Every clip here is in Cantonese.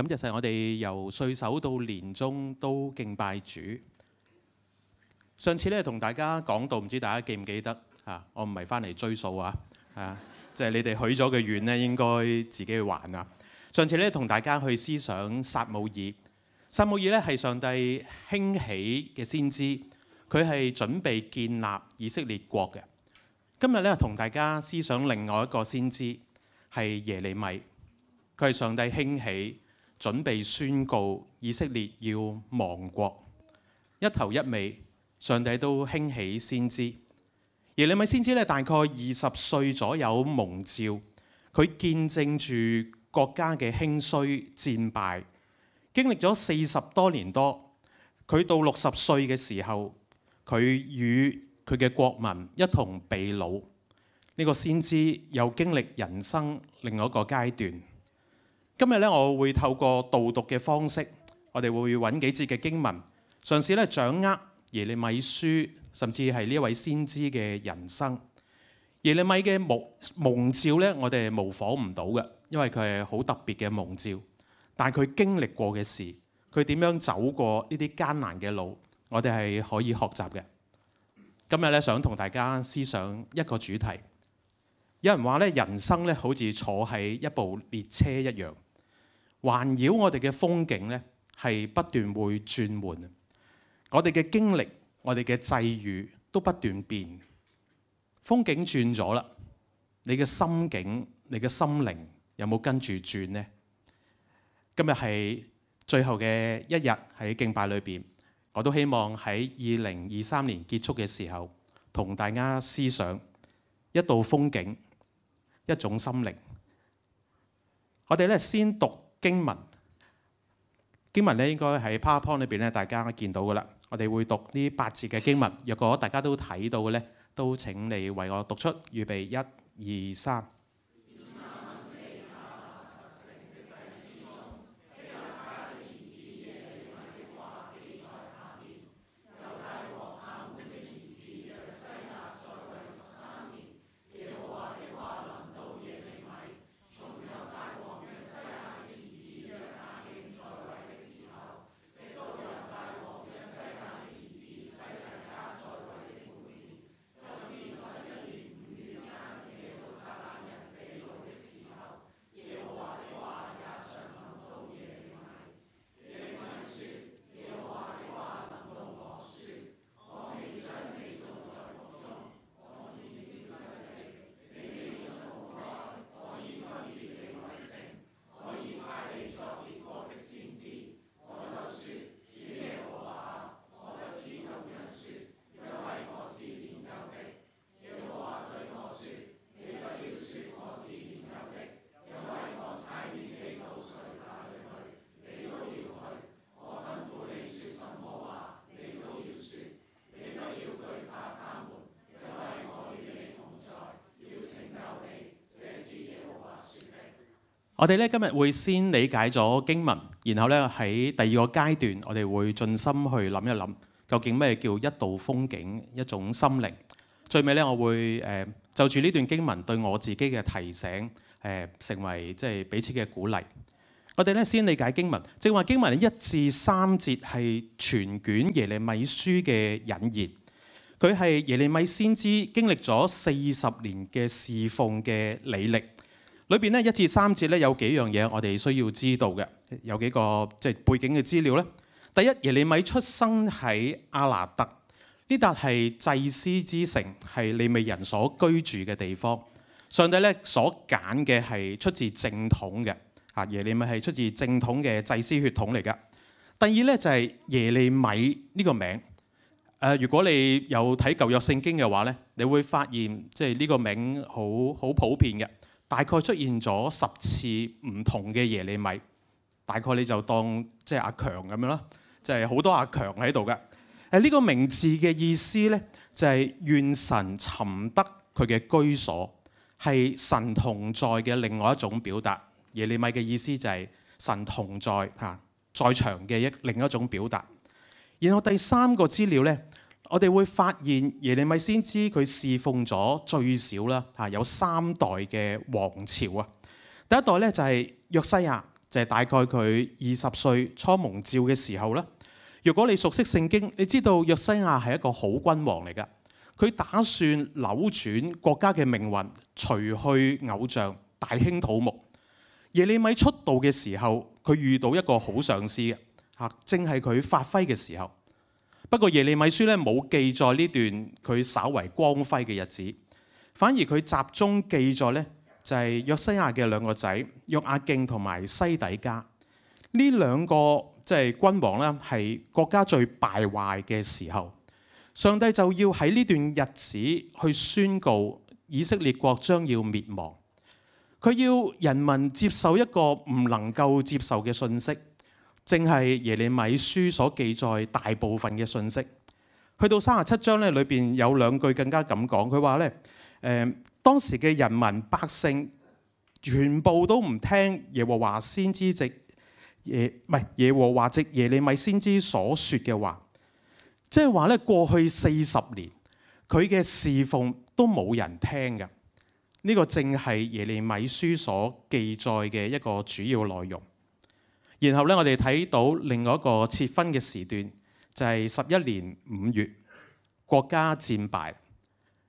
咁其實我哋由歲首到年終都敬拜主。上次咧同大家講到，唔知大家記唔記得啊？我唔係翻嚟追數啊，啊，即係你哋許咗嘅願咧，應該自己去還啊。上次咧同大家去思想撒母耳，撒母耳咧係上帝興起嘅先知，佢係準備建立以色列國嘅。今日咧同大家思想另外一個先知係耶利米，佢係上帝興起。準備宣告以色列要亡國，一頭一尾，上帝都興起先知。耶利米先知咧，大概二十歲左右蒙召，佢見證住國家嘅興衰戰敗，經歷咗四十多年多。佢到六十歲嘅時候，佢與佢嘅國民一同被擄。呢、這個先知又經歷人生另外一個階段。今日咧，我會透過導讀嘅方式，我哋會揾幾節嘅經文，嘗試咧掌握耶利米書，甚至係呢位先知嘅人生。耶利米嘅蒙蒙召咧，我哋模仿唔到嘅，因為佢係好特別嘅蒙召。但係佢經歷過嘅事，佢點樣走過呢啲艱難嘅路，我哋係可以學習嘅。今日咧，想同大家思想一個主題。有人話咧，人生咧好似坐喺一部列車一樣。環繞我哋嘅風景呢，係不斷會轉換。我哋嘅經歷、我哋嘅際遇都不斷變。風景轉咗啦，你嘅心境、你嘅心靈有冇跟住轉呢？今日係最後嘅一日喺敬拜裏邊，我都希望喺二零二三年結束嘅時候，同大家思想一道風景、一種心靈。我哋咧先讀。經文，經文咧應該喺 PowerPoint 裏邊咧，大家見到嘅啦。我哋會讀呢八節嘅經文。若果大家都睇到嘅咧，都請你為我讀出。預備，一、二、三。我哋咧今日會先理解咗經文，然後咧喺第二個階段，我哋會盡心去諗一諗究竟咩叫一道風景、一種心靈。最尾咧，我會誒、呃、就住呢段經文對我自己嘅提醒誒、呃，成為即係彼此嘅鼓勵。我哋咧先理解經文，正話經文一至三節係全卷耶利米書嘅引言，佢係耶利米先知經歷咗四十年嘅侍奉嘅履歷。裏邊咧一至三節咧有幾樣嘢我哋需要知道嘅，有幾個即係、就是、背景嘅資料咧。第一，耶利米出生喺阿拿德，呢笪係祭司之城，係利未人所居住嘅地方。上帝咧所揀嘅係出自正統嘅，啊耶利米係出自正統嘅祭司血統嚟噶。第二咧就係、是、耶利米呢個名，誒、呃、如果你有睇舊約聖經嘅話咧，你會發現即係呢個名好好普遍嘅。大概出現咗十次唔同嘅耶利米，大概你就當即係阿強咁樣啦，就係、是、好多阿強喺度㗎。誒、這、呢個名字嘅意思呢，就係願神尋得佢嘅居所，係神同在嘅另外一種表達。耶利米嘅意思就係神同在嚇，在場嘅一另一種表達。然後第三個資料呢。我哋會發現耶利米先知佢侍奉咗最少啦，嚇有三代嘅王朝啊！第一代咧就係約西亞，就係大概佢二十歲初蒙召嘅時候啦。如果你熟悉聖經，你知道約西亞係一個好君王嚟㗎，佢打算扭轉國家嘅命運，除去偶像，大興土木。耶利米出道嘅時候，佢遇到一個好上司嘅嚇，正係佢發揮嘅時候。不過耶利米書咧冇記載呢段佢稍為光輝嘅日子，反而佢集中記載呢就係約西亞嘅兩個仔約阿敬同埋西底加。呢兩個即係君王呢係國家最敗壞嘅時候，上帝就要喺呢段日子去宣告以色列國將要滅亡，佢要人民接受一個唔能夠接受嘅信息。正係耶利米書所記載大部分嘅信息，去到三十七章咧，裏邊有兩句更加咁講，佢話咧，誒、呃，當時嘅人民百姓全部都唔聽耶和華先知藉耶，唔係耶和華藉耶利米先知所說嘅話，即係話咧，過去四十年佢嘅侍奉都冇人聽嘅，呢、這個正係耶利米書所記載嘅一個主要內容。然後咧，我哋睇到另外一個切分嘅時段，就係十一年五月，國家戰敗，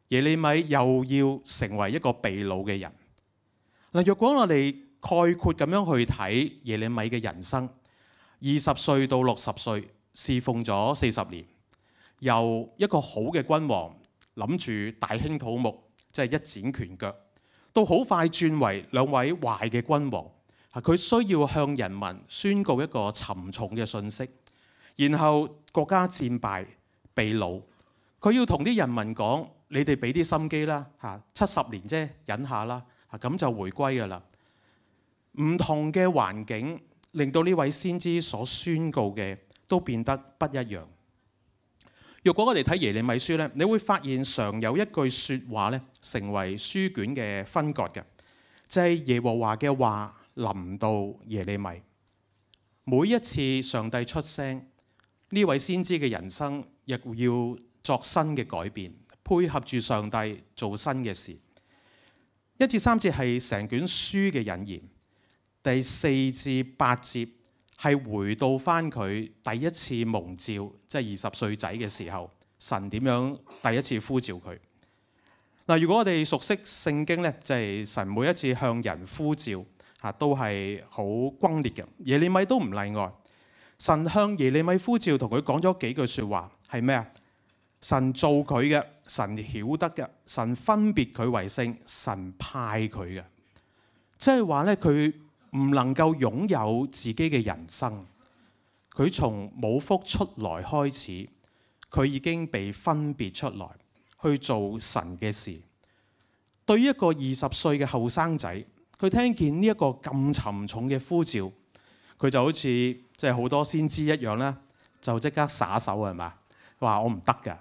耶利米又要成為一個被擄嘅人。嗱，若果我哋概括咁樣去睇耶利米嘅人生，二十歲到六十歲侍奉咗四十年，由一個好嘅君王諗住大興土木，即係一展拳腳，到好快轉為兩位壞嘅君王。佢需要向人民宣告一個沉重嘅信息，然後國家戰敗被擄。佢要同啲人民講：你哋俾啲心機啦，嚇七十年啫，忍下啦，啊咁就回歸噶啦。唔同嘅環境令到呢位先知所宣告嘅都變得不一樣。若果我哋睇耶利米書呢，你會發現常有一句説話呢，成為書卷嘅分割嘅，即係耶和華嘅話，臨到耶利米，每一次上帝出聲，呢位先知嘅人生亦要作新嘅改變，配合住上帝做新嘅事。一至三節係成卷書嘅引言，第四至八節係回到翻佢第一次蒙召，即係二十歲仔嘅時候，神點樣第一次呼召佢嗱。如果我哋熟悉聖經呢，就係神每一次向人呼召。嚇都係好轟烈嘅，耶利米都唔例外。神向耶利米呼召，同佢講咗幾句説話，係咩啊？神造佢嘅，神曉得嘅，神分別佢為聖，神派佢嘅，即係話咧，佢唔能夠擁有自己嘅人生。佢從母腹出來開始，佢已經被分別出來去做神嘅事。對於一個二十歲嘅後生仔。佢聽見呢一個咁沉重嘅呼召，佢就好似即係好多先知一樣咧，就即刻撒手係嘛？話我唔得嘅。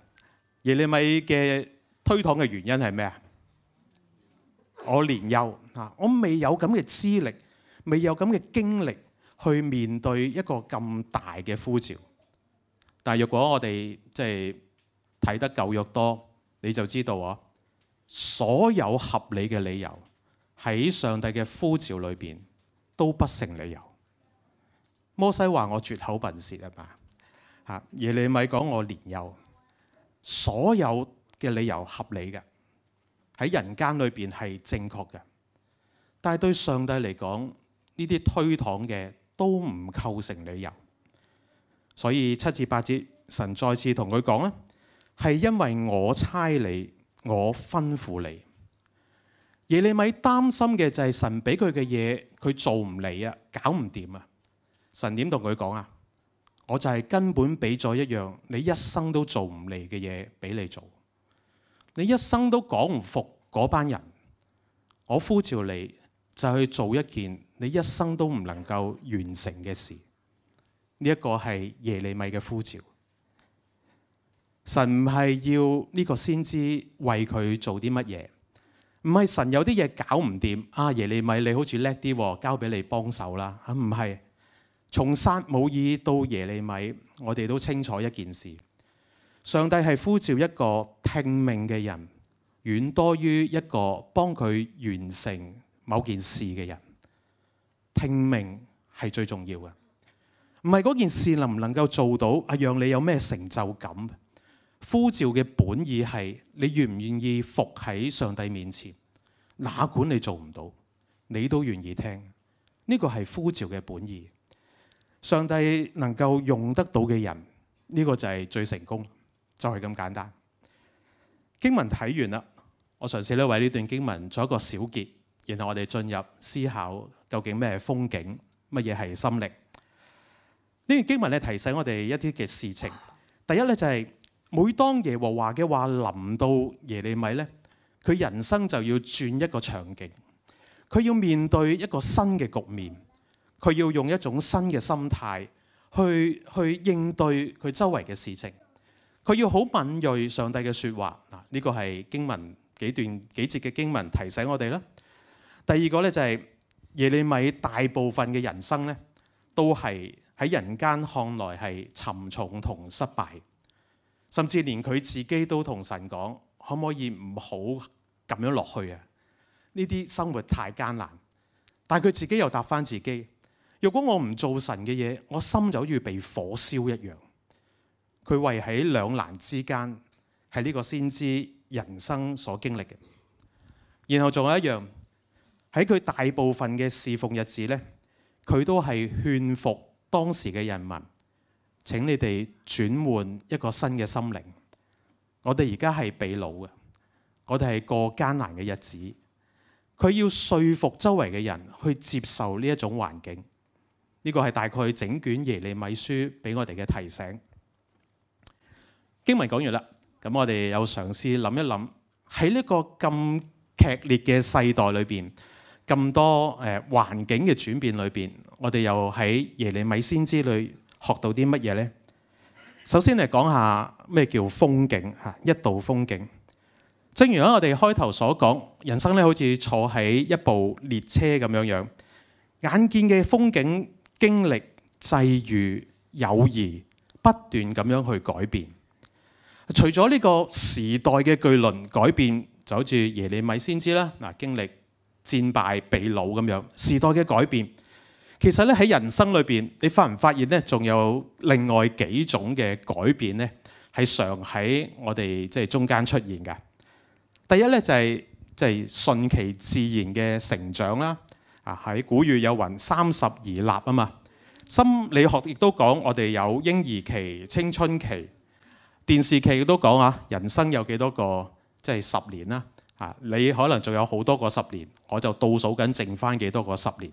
耶利米嘅推搪嘅原因係咩啊？我年幼啊，我未有咁嘅資歷，未有咁嘅經歷去面對一個咁大嘅呼召。但係若果我哋即係睇得夠舊約多，你就知道啊，所有合理嘅理由。喺上帝嘅呼召裏邊都不成理由。摩西話我拙口笨舌啊嘛，耶利米講我年幼，所有嘅理由合理嘅，喺人間裏邊係正確嘅，但係對上帝嚟講，呢啲推搪嘅都唔構成理由。所以七至八節，神再次同佢講呢，係因為我差你，我吩咐你。耶利米擔心嘅就係神俾佢嘅嘢，佢做唔嚟啊，搞唔掂啊！神點同佢講啊？我就係根本俾咗一樣你一生都做唔嚟嘅嘢俾你做，你一生都講唔服嗰班人，我呼召你就去做一件你一生都唔能夠完成嘅事。呢一個係耶利米嘅呼召。神唔係要呢個先知為佢做啲乜嘢？唔係神有啲嘢搞唔掂，阿、啊、耶利米你好似叻啲，交俾你幫手啦。嚇、啊，唔係從撒母耳到耶利米，我哋都清楚一件事：上帝係呼召一個聽命嘅人，遠多於一個幫佢完成某件事嘅人。聽命係最重要嘅，唔係嗰件事能唔能夠做到，係、啊、讓你有咩成就感。呼召嘅本意係你願唔願意伏喺上帝面前，哪管你做唔到，你都願意聽呢、這個係呼召嘅本意。上帝能夠用得到嘅人，呢、這個就係最成功，就係、是、咁簡單。經文睇完啦，我嘗試咧為呢段經文做一個小結，然後我哋進入思考究竟咩係風景，乜嘢係心靈。呢段經文咧提醒我哋一啲嘅事情。第一咧就係、是。每當耶和華嘅話臨到耶利米呢，佢人生就要轉一個場景，佢要面對一個新嘅局面，佢要用一種新嘅心態去去應對佢周圍嘅事情。佢要好敏銳上帝嘅說話嗱，呢、這個係經文幾段幾節嘅經文提醒我哋啦。第二個呢、就是，就係耶利米大部分嘅人生呢，都係喺人間看來係沉重同失敗。甚至連佢自己都同神講：可唔可以唔好咁樣落去啊？呢啲生活太艱難。但佢自己又答返自己：若果我唔做神嘅嘢，我心就好似被火燒一樣。佢圍喺兩難之間，係呢個先知人生所經歷嘅。然後仲有一樣，喺佢大部分嘅侍奉日子呢，佢都係勸服當時嘅人民。請你哋轉換一個新嘅心靈。我哋而家係被擄嘅，我哋係過艱難嘅日子。佢要說服周圍嘅人去接受呢一種環境，呢、呢個係大概整卷耶利米書俾我哋嘅提醒。經文講完啦，咁我哋又嘗試諗一諗喺呢個咁劇烈嘅世代裏邊，咁多誒環境嘅轉變裏邊，我哋又喺耶利米先知裏。學到啲乜嘢呢？首先嚟講下咩叫風景嚇，一道風景。正如我哋開頭所講，人生咧好似坐喺一部列車咁樣樣，眼見嘅風景經歷際遇友誼不斷咁樣去改變。除咗呢個時代嘅巨輪改變，就好似耶利米先知啦，嗱經歷戰敗被擄咁樣，時代嘅改變。其實咧喺人生裏邊，你發唔發現咧，仲有另外幾種嘅改變咧，係常喺我哋即係中間出現嘅。第一咧就係即係順其自然嘅成長啦。啊，喺古語有云三十而立啊嘛。心理學亦都講我哋有嬰兒期、青春期。電視劇亦都講啊，人生有幾多個即係、即係、十年啦。啊，你可能仲有好多個十年，我就倒數緊，剩返幾多個十年。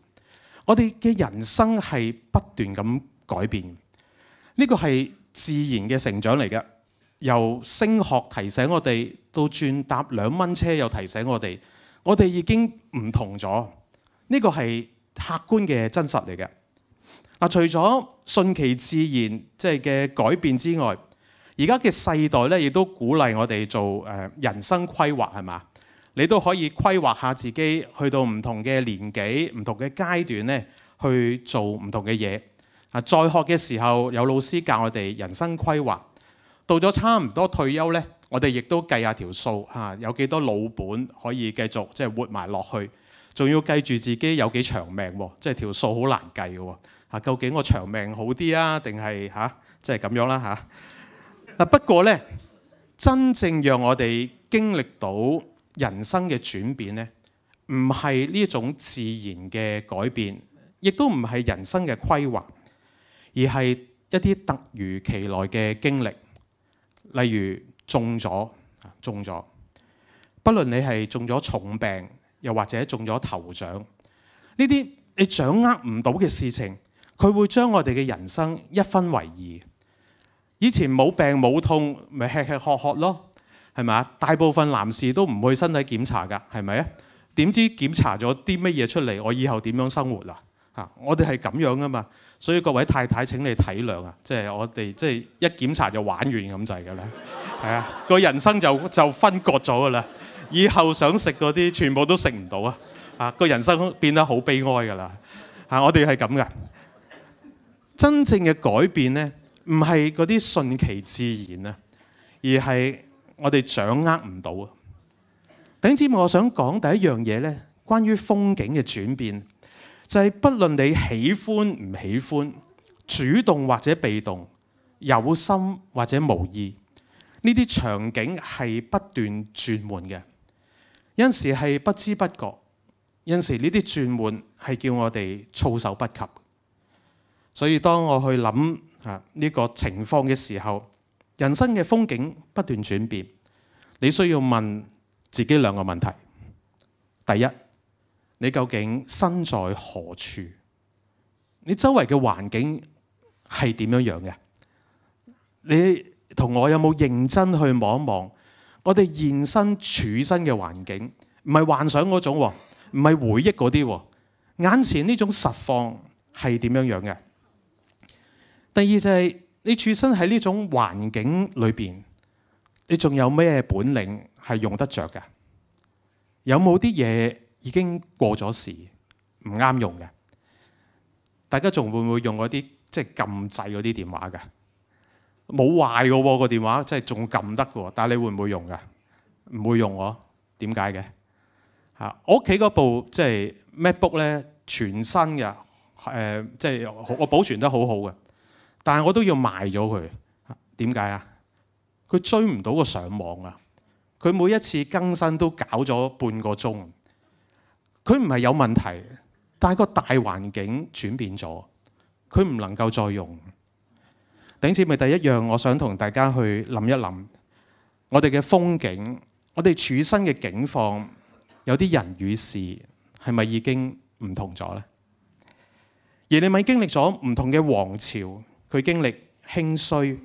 我哋嘅人生係不斷咁改變，呢個係自然嘅成長嚟嘅。由升學提醒我哋，到轉搭兩蚊車又提醒我哋，我哋已經唔同咗。呢個係客觀嘅真實嚟嘅。嗱，除咗順其自然即係嘅改變之外，而家嘅世代咧亦都鼓勵我哋做誒人生規劃係嘛？你都可以規劃下自己去到唔同嘅年紀、唔同嘅階段咧，去做唔同嘅嘢啊。在學嘅時候有老師教我哋人生規劃，到咗差唔多退休咧，我哋亦都計下條數嚇，有幾多老本可以繼續即係、就是、活埋落去，仲要計住自己有幾長命，即係條數好難計嘅喎。究竟我長命好啲啊，定係嚇即係咁樣啦嚇、啊、不過咧，真正讓我哋經歷到。人生嘅轉變呢，唔係呢種自然嘅改變，亦都唔係人生嘅規劃，而係一啲突如其來嘅經歷，例如中咗，中咗。不論你係中咗重病，又或者中咗頭獎，呢啲你掌握唔到嘅事情，佢會將我哋嘅人生一分為二。以前冇病冇痛，咪吃吃喝喝咯。係咪啊？大部分男士都唔去身體檢查㗎，係咪啊？點知檢查咗啲乜嘢出嚟？我以後點樣生活啊？嚇！我哋係咁樣噶嘛，所以各位太太請你體諒啊，即係我哋即係一檢查就玩完咁滯㗎啦，係 啊，個人生就就分割咗㗎啦，以後想食嗰啲全部都食唔到啊！嚇，個人生變得好悲哀㗎啦！嚇、啊，我哋係咁㗎。真正嘅改變咧，唔係嗰啲順其自然啊，而係。我哋掌握唔到啊！頂尖，我想講第一樣嘢咧，關於風景嘅轉變，就係、是、不論你喜歡唔喜歡，主動或者被動，有心或者無意，呢啲場景係不斷轉換嘅。有陣時係不知不覺，有陣時呢啲轉換係叫我哋措手不及。所以當我去諗啊呢個情況嘅時候，人生嘅風景不斷轉變，你需要問自己兩個問題：第一，你究竟身在何處？你周圍嘅環境係點樣樣嘅？你同我有冇認真去望一望？我哋現身處身嘅環境，唔係幻想嗰種，唔係回憶嗰啲，眼前呢種實況係點樣樣嘅？第二就係。你處身喺呢種環境裏邊，你仲有咩本領係用得着嘅？有冇啲嘢已經過咗時，唔啱用嘅？大家仲會唔會用嗰啲即係撳掣嗰啲電話嘅？冇壞個喎、啊，個電話即係仲撳得嘅，但係你會唔會用嘅？唔會用我，點解嘅？嚇！我屋企嗰部即係、就是、MacBook 咧，全新嘅，誒、呃，即、就、係、是、我保存得好好嘅。但係我都要賣咗佢，點解啊？佢追唔到個上網啊！佢每一次更新都搞咗半個鐘，佢唔係有問題，但係個大環境轉變咗，佢唔能夠再用。頂住咪，第一樣，我想同大家去諗一諗，我哋嘅風景，我哋處身嘅境況，有啲人與事係咪已經唔同咗呢？耶利米經歷咗唔同嘅王朝。佢經歷興衰，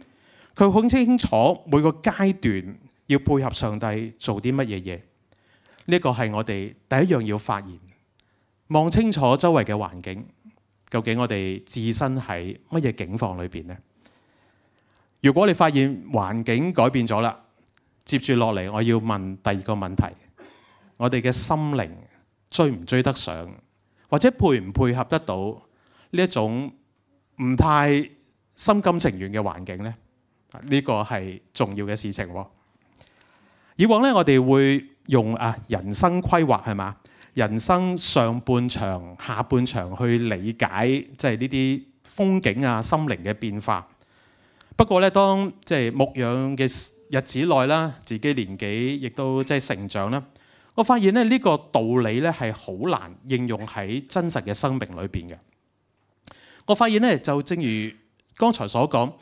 佢好清楚每個階段要配合上帝做啲乜嘢嘢。呢、這、一個係我哋第一樣要發現，望清楚周圍嘅環境，究竟我哋置身喺乜嘢境況裏邊咧？如果你發現環境改變咗啦，接住落嚟我要問第二個問題：我哋嘅心靈追唔追得上，或者配唔配合得到呢一種唔太？心甘情願嘅環境呢，呢個係重要嘅事情。以往呢，我哋會用啊人生規劃係嘛，人生上半場、下半場去理解，即係呢啲風景啊、心靈嘅變化。不過呢，當即係牧養嘅日子內啦，自己年紀亦都即係成長啦，我發現呢，呢個道理呢，係好難應用喺真實嘅生命裏邊嘅。我發現呢，就正如剛才所講，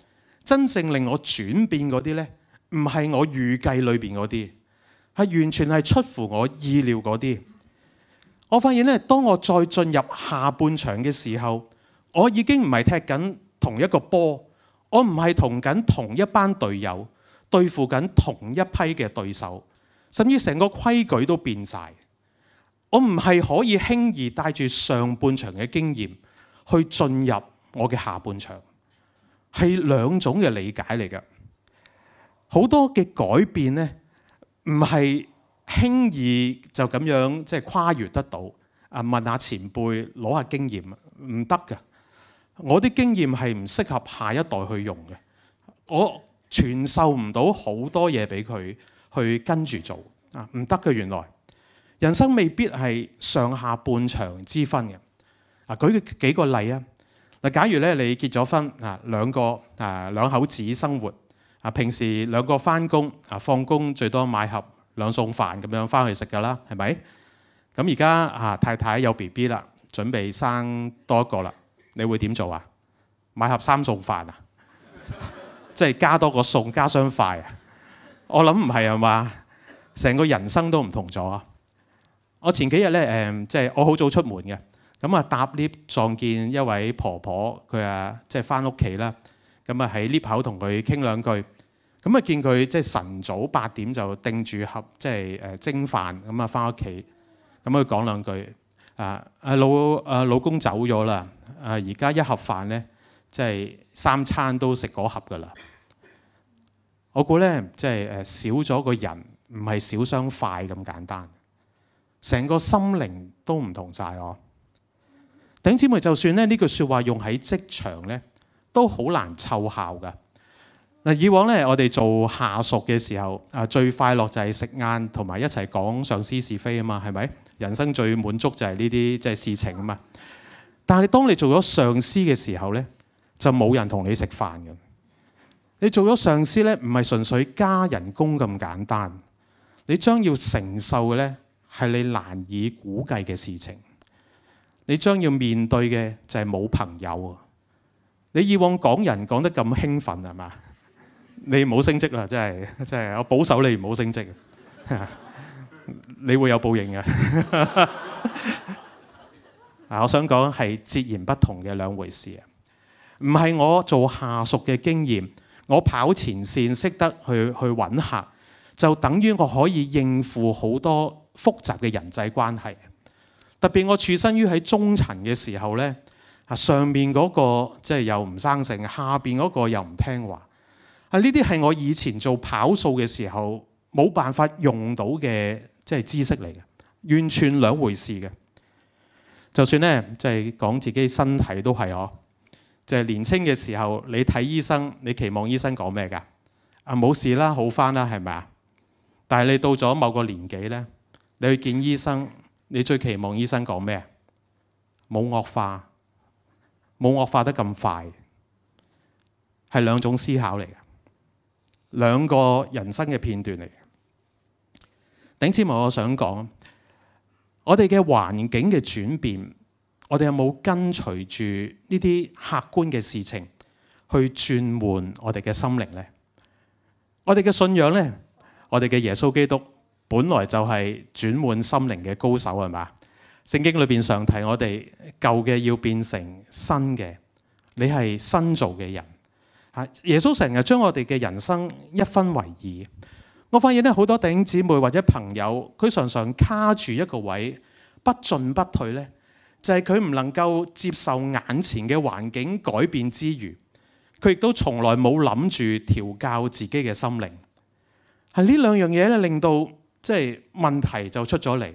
真正令我轉變嗰啲呢，唔係我預計裏面嗰啲，係完全係出乎我意料嗰啲。我發現咧，當我再進入下半場嘅時候，我已經唔係踢緊同一個波，我唔係同緊同一班隊友，對付緊同一批嘅對手，甚至成個規矩都變晒。我唔係可以輕易帶住上半場嘅經驗去進入我嘅下半場。係兩種嘅理解嚟㗎，好多嘅改變咧，唔係輕易就咁樣即係跨越得到。啊，問下前輩攞下經驗唔得㗎。我啲經驗係唔適合下一代去用嘅，我傳授唔到好多嘢俾佢去跟住做啊，唔得㗎。原來人生未必係上下半場之分嘅。啊，舉幾個例啊。嗱，假如咧你結咗婚啊，兩個啊兩口子生活啊，平時兩個返工啊放工最多買盒兩餸飯咁樣返去食㗎啦，係咪？咁而家啊，啊太太有 B B 啦，準備生多一個啦，你會點做啊？買盒三餸飯啊？ 即係加多個餸，加雙筷啊？我諗唔係啊嘛，成個人生都唔同咗啊！我前幾日咧誒，即係我好早出門嘅。咁啊，搭 lift 撞見一位婆婆，佢啊即係翻屋企啦。咁啊喺 lift 口同佢傾兩句，咁啊見佢即係晨早八點就叮住盒，即係誒蒸飯咁啊，翻屋企，咁佢講兩句啊啊老啊老公走咗啦啊！而家一盒飯咧，即係三餐都食嗰盒噶啦。我估咧即係誒少咗個人，唔係少雙筷咁簡單，成個心靈都唔同晒哦。頂姐妹，就算呢呢句説話用喺職場呢都好難湊效嘅。嗱，以往呢，我哋做下屬嘅時候，啊最快樂就係食晏同埋一齊講上司是非啊嘛，係咪？人生最滿足就係呢啲即係事情啊嘛。但係當你做咗上司嘅時候呢，就冇人同你食飯嘅。你做咗上司呢，唔係純粹加人工咁簡單，你將要承受嘅呢，係你難以估計嘅事情。你將要面對嘅就係冇朋友啊！你以往講人講得咁興奮係嘛？你唔好升職啦，真係真係，我保守你唔好升職， 你會有報應嘅。啊，我想講係截然不同嘅兩回事啊！唔係我做下屬嘅經驗，我跑前線識得去去搵客，就等於我可以應付好多複雜嘅人際關係。特別我處身於喺中層嘅時候呢，啊，上面嗰個即係又唔生性，下邊嗰個又唔聽話，啊，呢啲係我以前做跑數嘅時候冇辦法用到嘅即係知識嚟嘅，完全兩回事嘅。就算呢，即係講自己身體都係哦，就係年輕嘅時候你睇醫生，你期望醫生講咩噶？啊，冇事啦，好翻啦，係咪啊？但係你到咗某個年紀呢，你去見醫生。你最期望醫生講咩？冇惡化，冇惡化得咁快，係兩種思考嚟嘅，兩個人生嘅片段嚟嘅。頂之帽，我想講，我哋嘅環境嘅轉變，我哋有冇跟隨住呢啲客觀嘅事情去轉換我哋嘅心靈呢？我哋嘅信仰呢？我哋嘅耶穌基督。本來就係轉換心靈嘅高手係嘛？聖經裏邊常提我哋舊嘅要變成新嘅，你係新造嘅人。吓，耶穌成日將我哋嘅人生一分為二。我發現咧好多弟兄姊妹或者朋友，佢常常卡住一個位，不進不退，呢就係佢唔能夠接受眼前嘅環境改變之餘，佢亦都從來冇諗住調教自己嘅心靈。係呢兩樣嘢咧，令到。即係問題就出咗嚟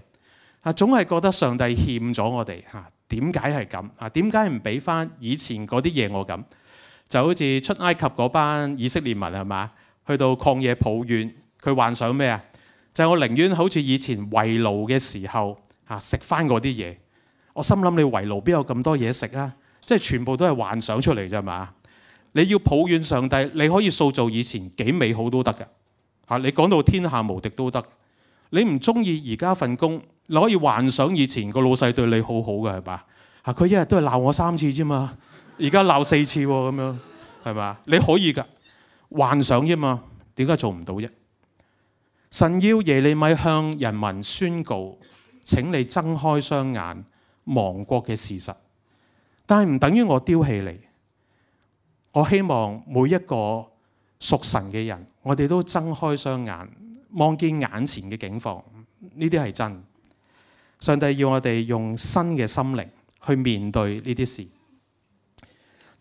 啊！總係覺得上帝欠咗我哋嚇，點解係咁啊？點解唔俾翻以前嗰啲嘢我，咁就好似出埃及嗰班以色列民係嘛？去到曠野抱怨，佢幻想咩啊？就係、我寧願好似以前為奴嘅時候嚇，食翻嗰啲嘢，我心諗你為奴邊有咁多嘢食啊，啊？即係全部都係幻想出嚟啫嘛！你要抱怨上帝，你可以塑造以前幾美好都得㗎嚇。你講到天下無敵都得。你唔中意而家份工，你可以幻想以前個老細對你好好嘅係嘛？嚇，佢一日都係鬧我三次啫嘛，而家鬧四次喎，咁樣係嘛？你可以㗎，幻想啫嘛，點解做唔到啫？神要耶利米向人民宣告：請你睜開雙眼，亡國嘅事實。但係唔等於我丟棄你。我希望每一個屬神嘅人，我哋都睜開雙眼。望見眼前嘅景況，呢啲係真。上帝要我哋用新嘅心靈去面對呢啲事。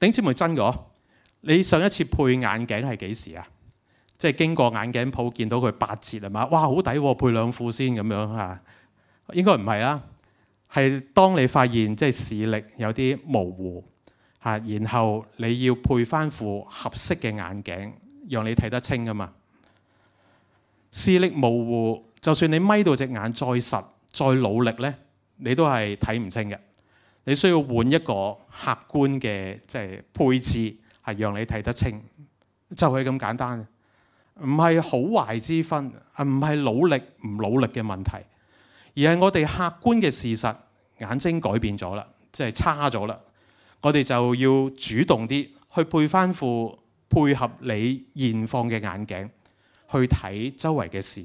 頂子咪真嘅，你上一次配眼鏡係幾時啊？即係經過眼鏡鋪見到佢八折吖嘛？哇，好抵喎，配兩副先咁樣啊？應該唔係啦，係當你發現即係視力有啲模糊吓，然後你要配翻副合適嘅眼鏡，讓你睇得清㗎嘛。視力模糊，就算你眯到隻眼再實、再努力呢，你都係睇唔清嘅。你需要換一個客觀嘅即係配置，係讓你睇得清，就係咁簡單。唔係好壞之分，唔係努力唔努力嘅問題，而係我哋客觀嘅事實，眼睛改變咗啦，即係差咗啦。我哋就要主動啲去配翻副配合你現況嘅眼鏡。去睇周圍嘅事，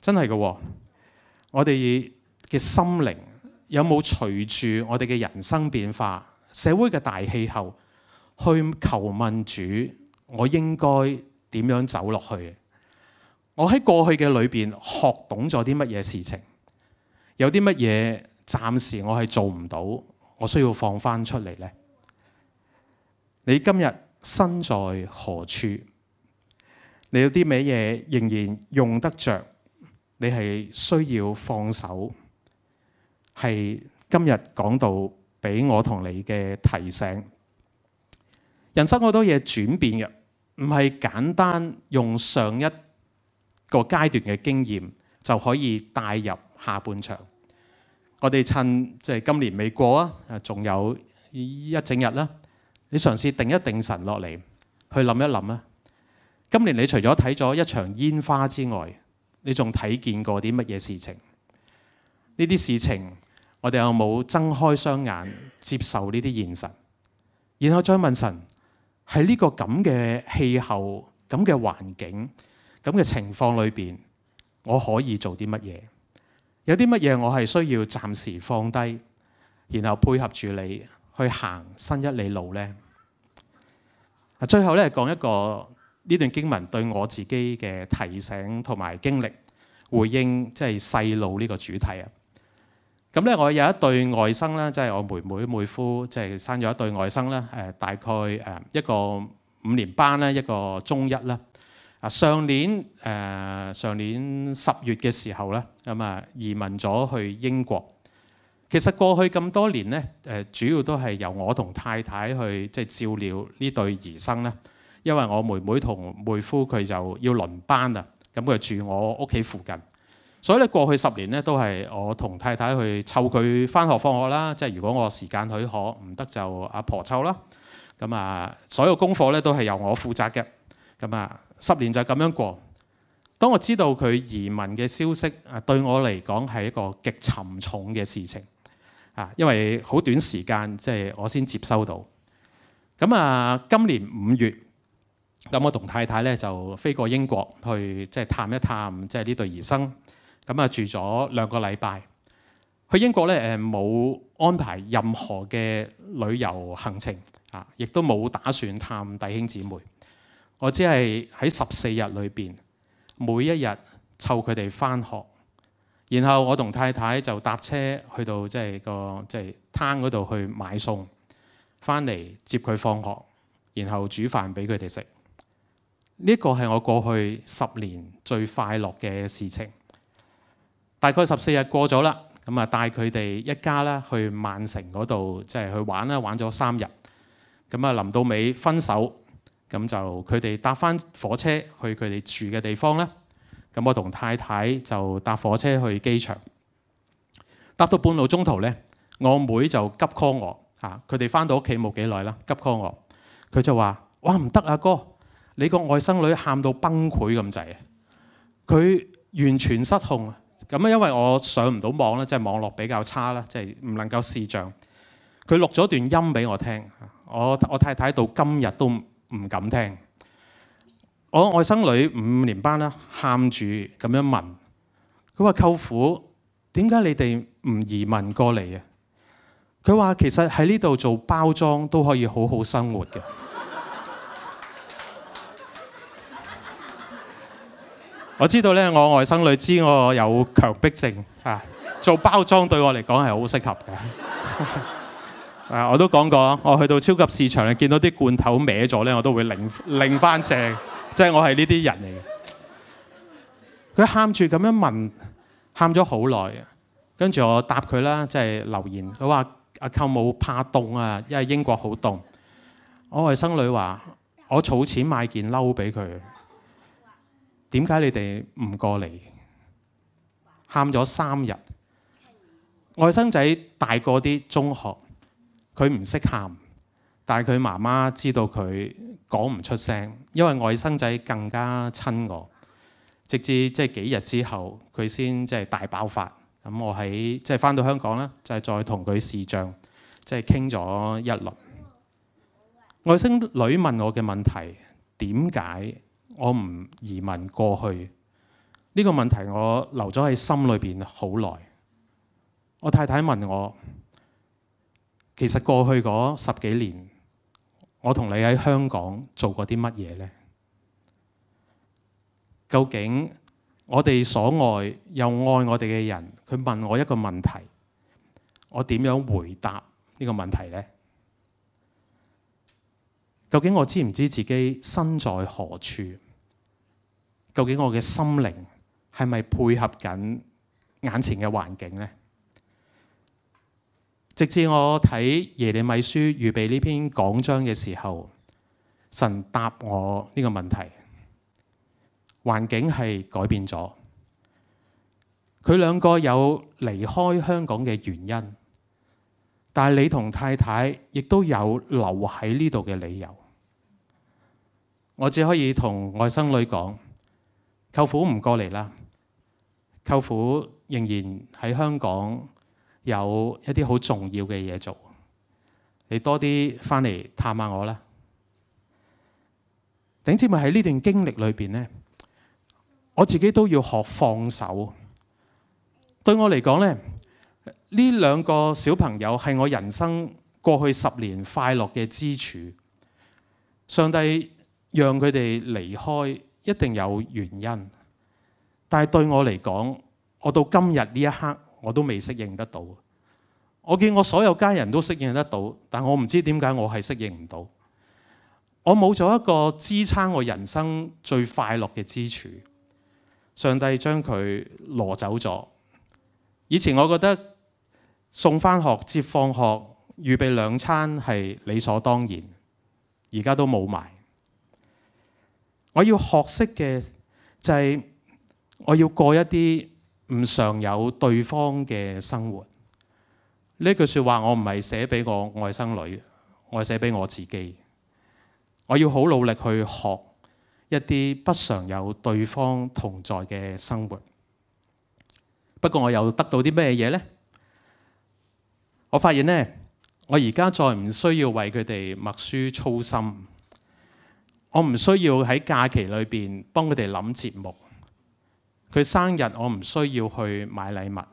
真係嘅。我哋嘅心靈有冇隨住我哋嘅人生變化、社會嘅大氣候，去求問主：我應該點樣走落去？我喺過去嘅裏邊學懂咗啲乜嘢事情，有啲乜嘢暫時我係做唔到，我需要放翻出嚟呢？你今日身在何處？你有啲咩嘢仍然用得着？你係需要放手。係今日講到俾我同你嘅提醒，人生好多嘢轉變嘅，唔係簡單用上一個階段嘅經驗就可以帶入下半場。我哋趁即係今年未過啊，仲有一整日啦，你嘗試定一定神落嚟，去諗一諗啊。今年你除咗睇咗一場煙花之外，你仲睇見過啲乜嘢事情？呢啲事情，我哋有冇睜開雙眼接受呢啲現實？然後再問神：喺呢個咁嘅氣候、咁嘅環境、咁嘅情況裏邊，我可以做啲乜嘢？有啲乜嘢我係需要暫時放低，然後配合住你去行新一里路呢？最後呢，講一個。呢段經文對我自己嘅提醒同埋經歷，回應即係細路呢個主題啊。咁咧，我有一對外甥啦，即係我妹妹妹夫，即係生咗一對外甥啦。誒，大概誒一個五年班咧，一個中一啦。啊，上年誒上年十月嘅時候咧，咁啊移民咗去英國。其實過去咁多年咧，誒主要都係由我同太太去即係照料呢對外甥咧。因為我妹妹同妹夫佢就要輪班啊，咁佢住我屋企附近，所以咧過去十年咧都係我同太太去湊佢返學放學啦，即係如果我時間許可，唔得就阿婆湊啦。咁啊，所有功課咧都係由我負責嘅。咁啊，十年就係咁樣過。當我知道佢移民嘅消息啊，對我嚟講係一個極沉重嘅事情啊，因為好短時間即係我先接收到。咁啊，今年五月。咁我同太太咧就飛過英國去，即係探一探即係呢對兒生。咁啊住咗兩個禮拜去英國咧，誒冇安排任何嘅旅遊行程啊，亦都冇打算探弟兄姊妹。我只係喺十四日裏邊每一日湊佢哋翻學，然後我同太太就搭車去到即係個即係攤嗰度去買餸，翻嚟接佢放學，然後煮飯俾佢哋食。呢一個係我過去十年最快樂嘅事情。大概十四日過咗啦，咁啊帶佢哋一家咧去曼城嗰度，即係去玩啦，玩咗三日。咁啊臨到尾分手，咁就佢哋搭翻火車去佢哋住嘅地方啦。咁我同太太就搭火車去機場。搭到半路中途呢，我妹妹就急 call 我吓，佢哋翻到屋企冇幾耐啦，急 call 我，佢就話：哇唔得啊哥！你個外甥女喊到崩潰咁滯，佢完全失控啊！咁啊，因為我上唔到網啦，即係網絡比較差啦，即係唔能夠視像。佢錄咗段音俾我聽，我我太太到今日都唔敢聽。我外甥女五年班啦，喊住咁樣問：佢話舅父，點解你哋唔移民過嚟啊？佢話其實喺呢度做包裝都可以好好生活嘅。我知道咧，我外甥女知我有強迫症啊，做包裝對我嚟講係好適合嘅。啊，我都講過，我去到超級市場啊，見到啲罐頭歪咗咧，我都會擰擰翻正，即係我係呢啲人嚟嘅。佢喊住咁樣問，喊咗好耐，跟住我答佢啦，即係留言。佢話：阿舅母怕凍啊，因為英國好凍。我外甥女話：我儲錢買件褸俾佢。點解你哋唔過嚟？喊咗三日，外甥仔大過啲中學，佢唔識喊，但係佢媽媽知道佢講唔出聲，因為外甥仔更加親我。直至即係幾日之後，佢先即係大爆發。咁我喺即係翻到香港啦，就係再同佢視像，即係傾咗一輪。外甥女問我嘅問題：點解？我唔疑問過去呢個問題，我留咗喺心裏面好耐。我太太問我：其實過去嗰十幾年，我同你喺香港做過啲乜嘢呢？究竟我哋所愛又愛我哋嘅人，佢問我一個問題，我點樣回答呢個問題呢？究竟我知唔知自己身在何處？究竟我嘅心靈係咪配合緊眼前嘅環境呢？直至我睇耶利米書預備呢篇講章嘅時候，神答我呢個問題：環境係改變咗，佢兩個有離開香港嘅原因，但係你同太太亦都有留喺呢度嘅理由。我只可以同外甥女講，舅父唔過嚟啦，舅父仍然喺香港有一啲好重要嘅嘢做，你多啲翻嚟探下我啦。頂之咪喺呢段經歷裏邊呢，我自己都要學放手。對我嚟講呢，呢兩個小朋友係我人生過去十年快樂嘅支柱，上帝。讓佢哋離開一定有原因，但係對我嚟講，我到今日呢一刻我都未適應得到。我見我所有家人都適應得到，但我唔知點解我係適應唔到。我冇咗一個支撐我人生最快樂嘅支柱，上帝將佢攞走咗。以前我覺得送返學、接放學、預備兩餐係理所當然，而家都冇埋。我要學識嘅就係、是、我要過一啲唔常有對方嘅生活。呢句說話我唔係寫俾我外甥女，我係寫俾我自己。我要好努力去學一啲不常有對方同在嘅生活。不過我又得到啲咩嘢呢？我發現呢，我而家再唔需要為佢哋默書操心。我唔需要喺假期裏面幫佢哋諗節目，佢生日我唔需要去買禮物，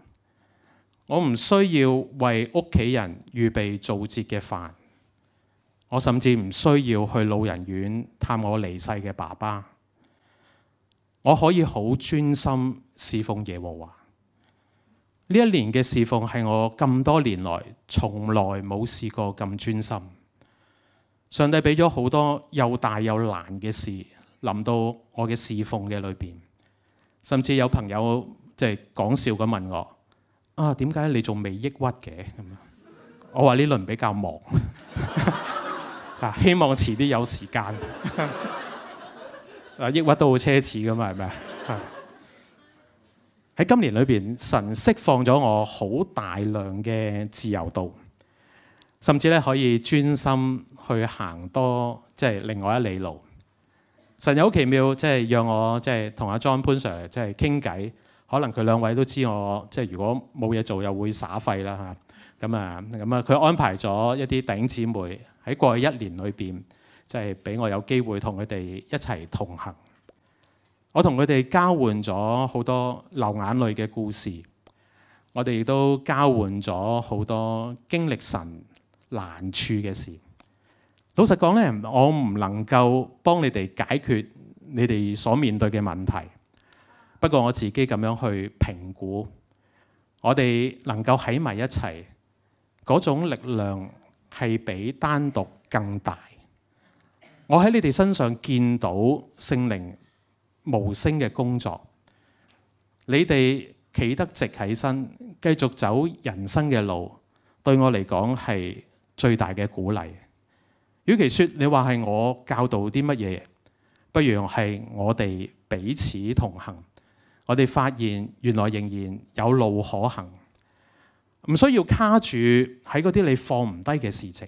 我唔需要為屋企人預備做節嘅飯，我甚至唔需要去老人院探我離世嘅爸爸，我可以好專心侍奉耶和華。呢一年嘅侍奉係我咁多年來從來冇試過咁專心。上帝俾咗好多又大又難嘅事臨到我嘅侍奉嘅裏面，甚至有朋友即係講笑咁問我：啊，點解你仲未抑鬱嘅？我話呢輪比較忙，嗱， 希望遲啲有時間。 抑鬱都好奢侈㗎嘛，係咪？喺今年裏面，神釋放咗我好大量嘅自由度。甚至咧，可以專心去行多即係另外一里路。神有好奇妙，即係讓我即係同阿 John 潘 Sir 即係傾偈。可能佢兩位都知我即係如果冇嘢做又會耍廢啦嚇。咁啊咁啊，佢、啊啊、安排咗一啲頂姊妹喺過去一年裏邊，即係俾我有機會同佢哋一齊同行。我同佢哋交換咗好多流眼淚嘅故事，我哋亦都交換咗好多經歷神。難處嘅事，老實講咧，我唔能夠幫你哋解決你哋所面對嘅問題。不過我自己咁樣去評估，我哋能夠喺埋一齊，嗰種力量係比單獨更大。我喺你哋身上見到聖靈無聲嘅工作，你哋企得直起身，繼續走人生嘅路，對我嚟講係。最大嘅鼓勵，與其說你話係我教導啲乜嘢，不如係我哋彼此同行。我哋發現原來仍然有路可行，唔需要卡住喺嗰啲你放唔低嘅事情。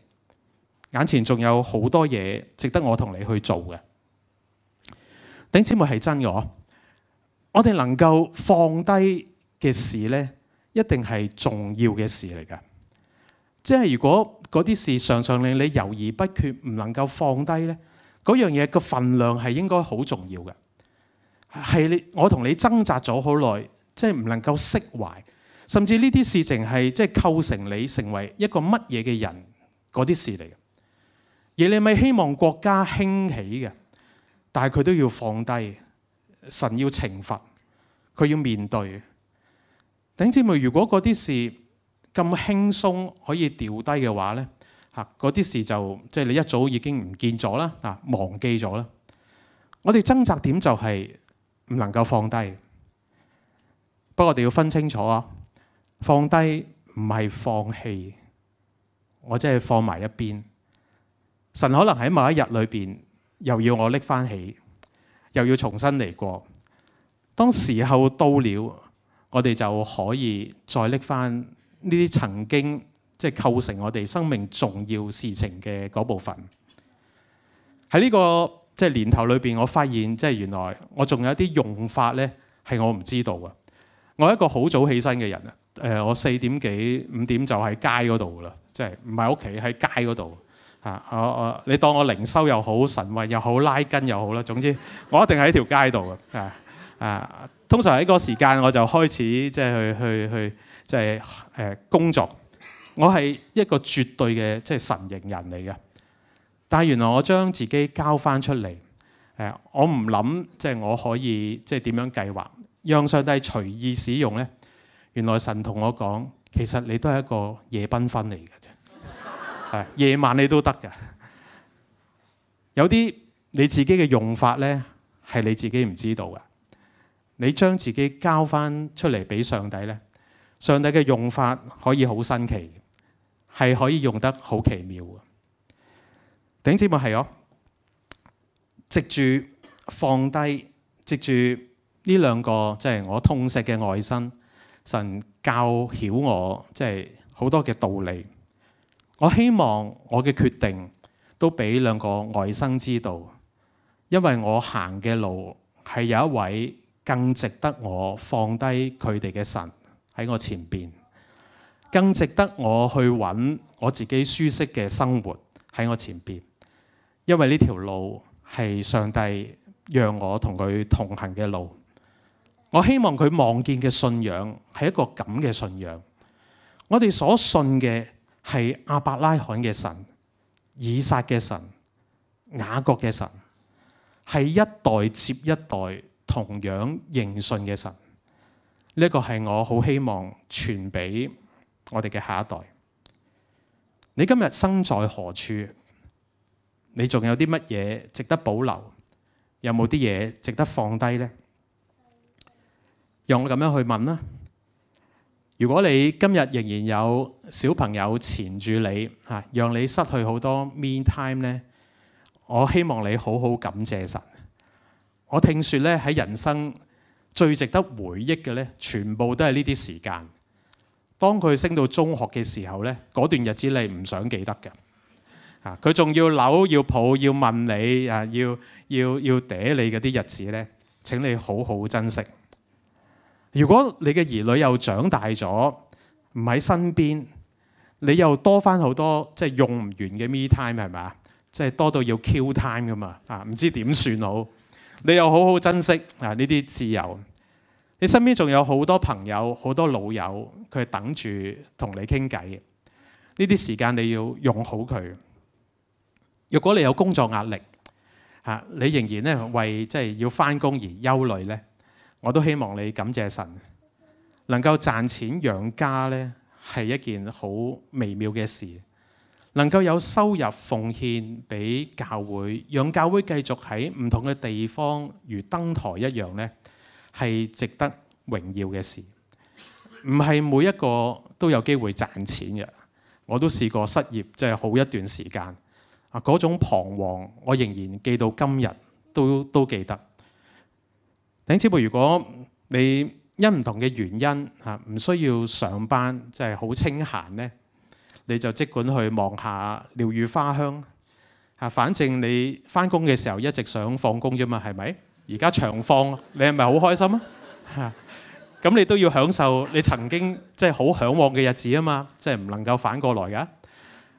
眼前仲有好多嘢，值得我同你去做嘅。頂姊妹係真嘅，我我哋能夠放低嘅事呢，一定係重要嘅事嚟㗎。即係如果。嗰啲事常常令你猶豫不決，唔能夠放低呢。嗰樣嘢個份量係應該好重要嘅，係你我同你掙扎咗好耐，即係唔能夠釋懷，甚至呢啲事情係即係構成你成為一個乜嘢嘅人嗰啲事嚟嘅。耶利米希望國家興起嘅，但係佢都要放低，神要懲罰佢，要面對。頂姊妹，如果嗰啲事，咁輕鬆可以掉低嘅話呢，嚇嗰啲事就即係、就是、你一早已經唔見咗啦，啊忘記咗啦。我哋掙扎點就係唔能夠放低，不過我哋要分清楚啊，放低唔係放棄，我即係放埋一邊。神可能喺某一日裏邊又要我拎翻起，又要重新嚟過。當時候到了，我哋就可以再拎翻。呢啲曾經即係構成我哋生命重要事情嘅嗰部分。喺呢、這個即係年頭裏邊，我發現即係原來我仲有一啲用法咧係我唔知道嘅。我係一個好早起身嘅人啊，誒、呃、我四點幾五點就喺街嗰度啦，即係唔係屋企喺街嗰度嚇。我我你當我靈修又好、神運又好、拉筋又好啦，總之 我一定喺條街度啊啊！通常喺嗰個時間我就開始即係去去去。去去即係誒工作，我係一個絕對嘅即係晨型人嚟嘅。但係原來我將自己交翻出嚟誒，我唔諗即係我可以即係點樣計劃，讓上帝隨意使用咧。原來神同我講，其實你都係一個夜繽紛嚟嘅啫。 夜晚你都得㗎，有啲你自己嘅用法咧係你自己唔知道嘅。你將自己交翻出嚟俾上帝咧。上帝嘅用法可以好新奇，係可以用得好奇妙啊！頂子咪係哦，藉住放低，藉住呢兩個即係、就是、我痛錫嘅外甥，神教曉我即係好多嘅道理。我希望我嘅決定都俾兩個外甥知道，因為我行嘅路係有一位更值得我放低佢哋嘅神。喺我前邊，更值得我去揾我自己舒適嘅生活喺我前邊，因為呢條路係上帝讓我同佢同行嘅路。我希望佢望見嘅信仰係一個咁嘅信仰。我哋所信嘅係阿伯拉罕嘅神、以撒嘅神、雅各嘅神，係一代接一代同樣認信嘅神。呢一個係我好希望傳俾我哋嘅下一代。你今日身在何處？你仲有啲乜嘢值得保留？有冇啲嘢值得放低呢？讓我咁樣去問啦。如果你今日仍然有小朋友纏住你，吓，讓你失去好多 meantime 呢？我希望你好好感謝神。我聽說咧，喺人生。最值得回憶嘅呢，全部都係呢啲時間。當佢升到中學嘅時候呢，嗰段日子你唔想記得嘅。啊，佢仲要扭要抱要問你啊，要要要嗲你嗰啲日子呢，請你好好珍惜。如果你嘅兒女又長大咗，唔喺身邊，你又多翻好多即係用唔完嘅 me time 係咪？即係多到要 kill time 噶嘛？啊，唔知點算好？你又好好珍惜啊！呢啲自由，你身邊仲有好多朋友、好多老友，佢等住同你傾偈。呢啲時間你要用好佢。如果你有工作壓力，嚇、啊、你仍然呢為、即係、要返工而憂慮呢，我都希望你感謝神，能夠賺錢養家呢，係一件好微妙嘅事。能夠有收入奉獻俾教會，讓教會繼續喺唔同嘅地方如登台一樣，呢係值得榮耀嘅事。唔係每一個都有機會賺錢嘅，我都試過失業，即係好一段時間。啊，嗰種彷徨，我仍然記到今日，都都記得。頂尖部，如果你因唔同嘅原因吓唔需要上班，即係好清閒呢，你就即管去望下鳥語花香，嚇！反正你返工嘅時候一直想放工啫嘛，係咪？而家長放，你係咪好開心啊？嚇！咁你都要享受你曾經即係好嚮往嘅日子啊嘛，即係唔能夠反過來噶。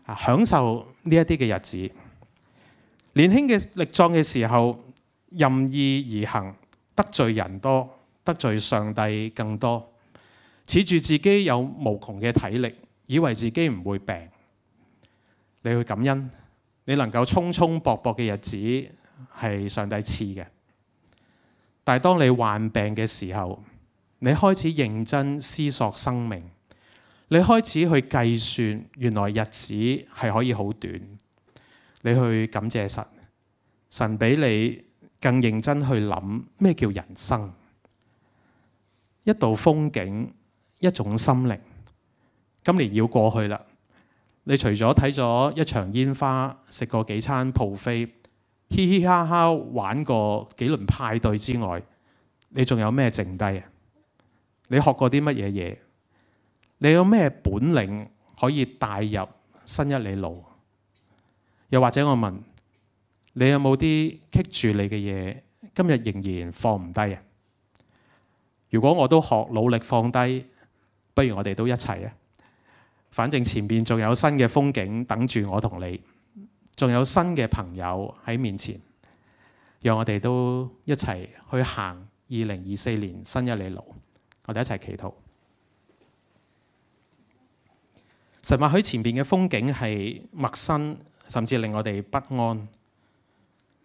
嚇！享受呢一啲嘅日子，年輕嘅力壯嘅時候，任意而行，得罪人多，得罪上帝更多，恃住自己有無窮嘅體力。以為自己唔會病，你去感恩，你能夠匆匆薄薄嘅日子係上帝賜嘅。但係當你患病嘅時候，你開始認真思索生命，你開始去計算，原來日子係可以好短。你去感謝神，神俾你更認真去諗咩叫人生，一道風景，一種心靈。今年要過去啦！你除咗睇咗一場煙花，食過幾餐泡飛，嘻嘻哈哈玩過幾輪派對之外，你仲有咩剩低啊？你學過啲乜嘢嘢？你有咩本領可以帶入新一里路？又或者我問你有冇啲棘住你嘅嘢，今日仍然放唔低？如果我都學努力放低，不如我哋都一齊。反正前面仲有新嘅風景等住我同你，仲有新嘅朋友喺面前，讓我哋都一齊去行二零二四年新一里路。我哋一齊祈禱。神，或許前面嘅風景係陌生，甚至令我哋不安。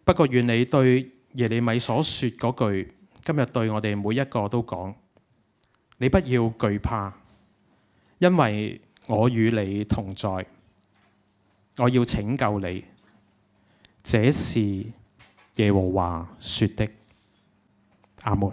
不過願你對耶利米所說嗰句，今日對我哋每一個都講：你不要懼怕，因為。我與你同在，我要拯救你。這是耶和華說的。阿門。